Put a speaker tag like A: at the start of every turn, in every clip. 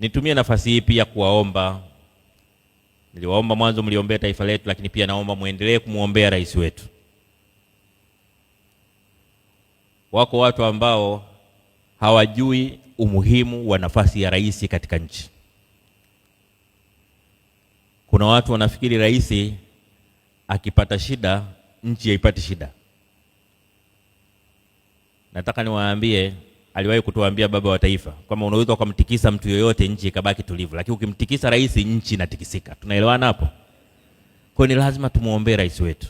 A: Nitumie nafasi hii pia kuwaomba, niliwaomba mwanzo mliombea taifa letu, lakini pia naomba muendelee kumwombea rais wetu. Wako watu ambao hawajui umuhimu wa nafasi ya rais katika nchi. Kuna watu wanafikiri rais akipata shida nchi haipati shida. Nataka niwaambie aliwahi kutuambia baba wa taifa kwamba unaweza ukamtikisa mtu yoyote nchi ikabaki tulivu, lakini ukimtikisa rais nchi inatikisika. Tunaelewana hapo? Kwa ni lazima tumwombee rais wetu,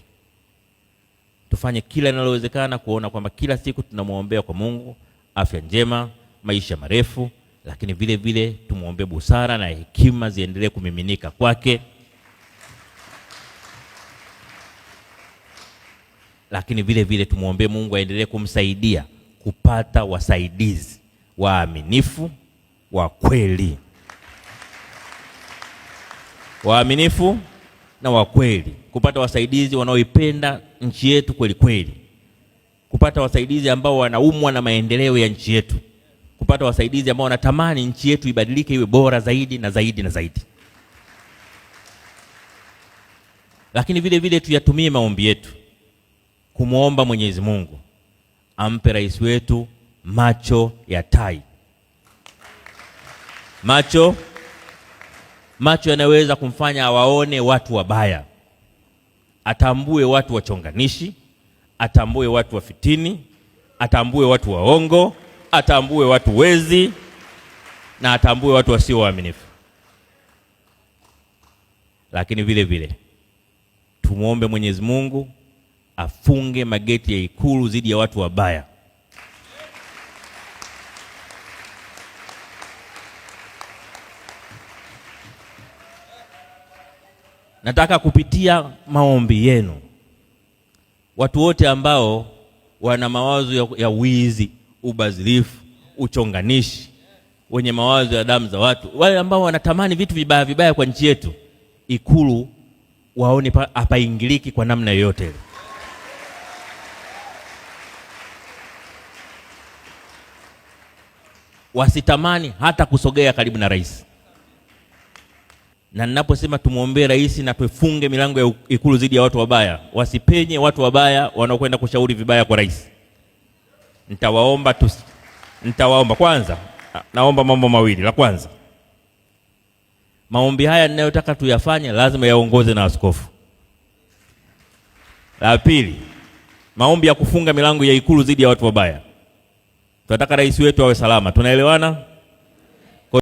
A: tufanye kila linalowezekana kuona kwamba kila siku tunamwombea kwa Mungu afya njema, maisha marefu, lakini vile vile tumwombee busara na hekima ziendelee kumiminika kwake, lakini vile vile tumwombee Mungu aendelee kumsaidia kupata wasaidizi waaminifu wa kweli, waaminifu na wa kweli, kupata wasaidizi wanaoipenda nchi yetu kweli kweli, kupata wasaidizi ambao wanaumwa na maendeleo ya nchi yetu, kupata wasaidizi ambao wanatamani nchi yetu ibadilike iwe bora zaidi na zaidi na zaidi. Lakini vile vile tuyatumie maombi yetu kumwomba Mwenyezi Mungu ampe rais wetu macho ya tai, macho macho yanayoweza kumfanya awaone watu wabaya, atambue watu wachonganishi, atambue watu wafitini, atambue watu waongo, atambue watu wezi na atambue watu wasio waaminifu. Lakini vile vile tumwombe Mwenyezi Mungu afunge mageti ya Ikulu dhidi ya watu wabaya. Nataka kupitia maombi yenu watu wote ambao wana mawazo ya, ya wizi, ubadhirifu, uchonganishi, wenye mawazo ya damu za watu, wale ambao wanatamani vitu vibaya vibaya kwa nchi yetu, Ikulu waone hapaingiliki kwa namna yoyote ile. wasitamani hata kusogea karibu na rais. Na ninaposema tumwombee rais na tufunge milango ya Ikulu dhidi ya watu wabaya, wasipenye watu wabaya wanaokwenda kushauri vibaya kwa rais. Nitawaomba tu, nitawaomba kwanza, naomba mambo mawili. La kwanza, maombi haya ninayotaka tuyafanye lazima yaongoze na askofu. La pili, maombi ya kufunga milango ya Ikulu dhidi ya watu wabaya Tunataka rais wetu awe salama, tunaelewana?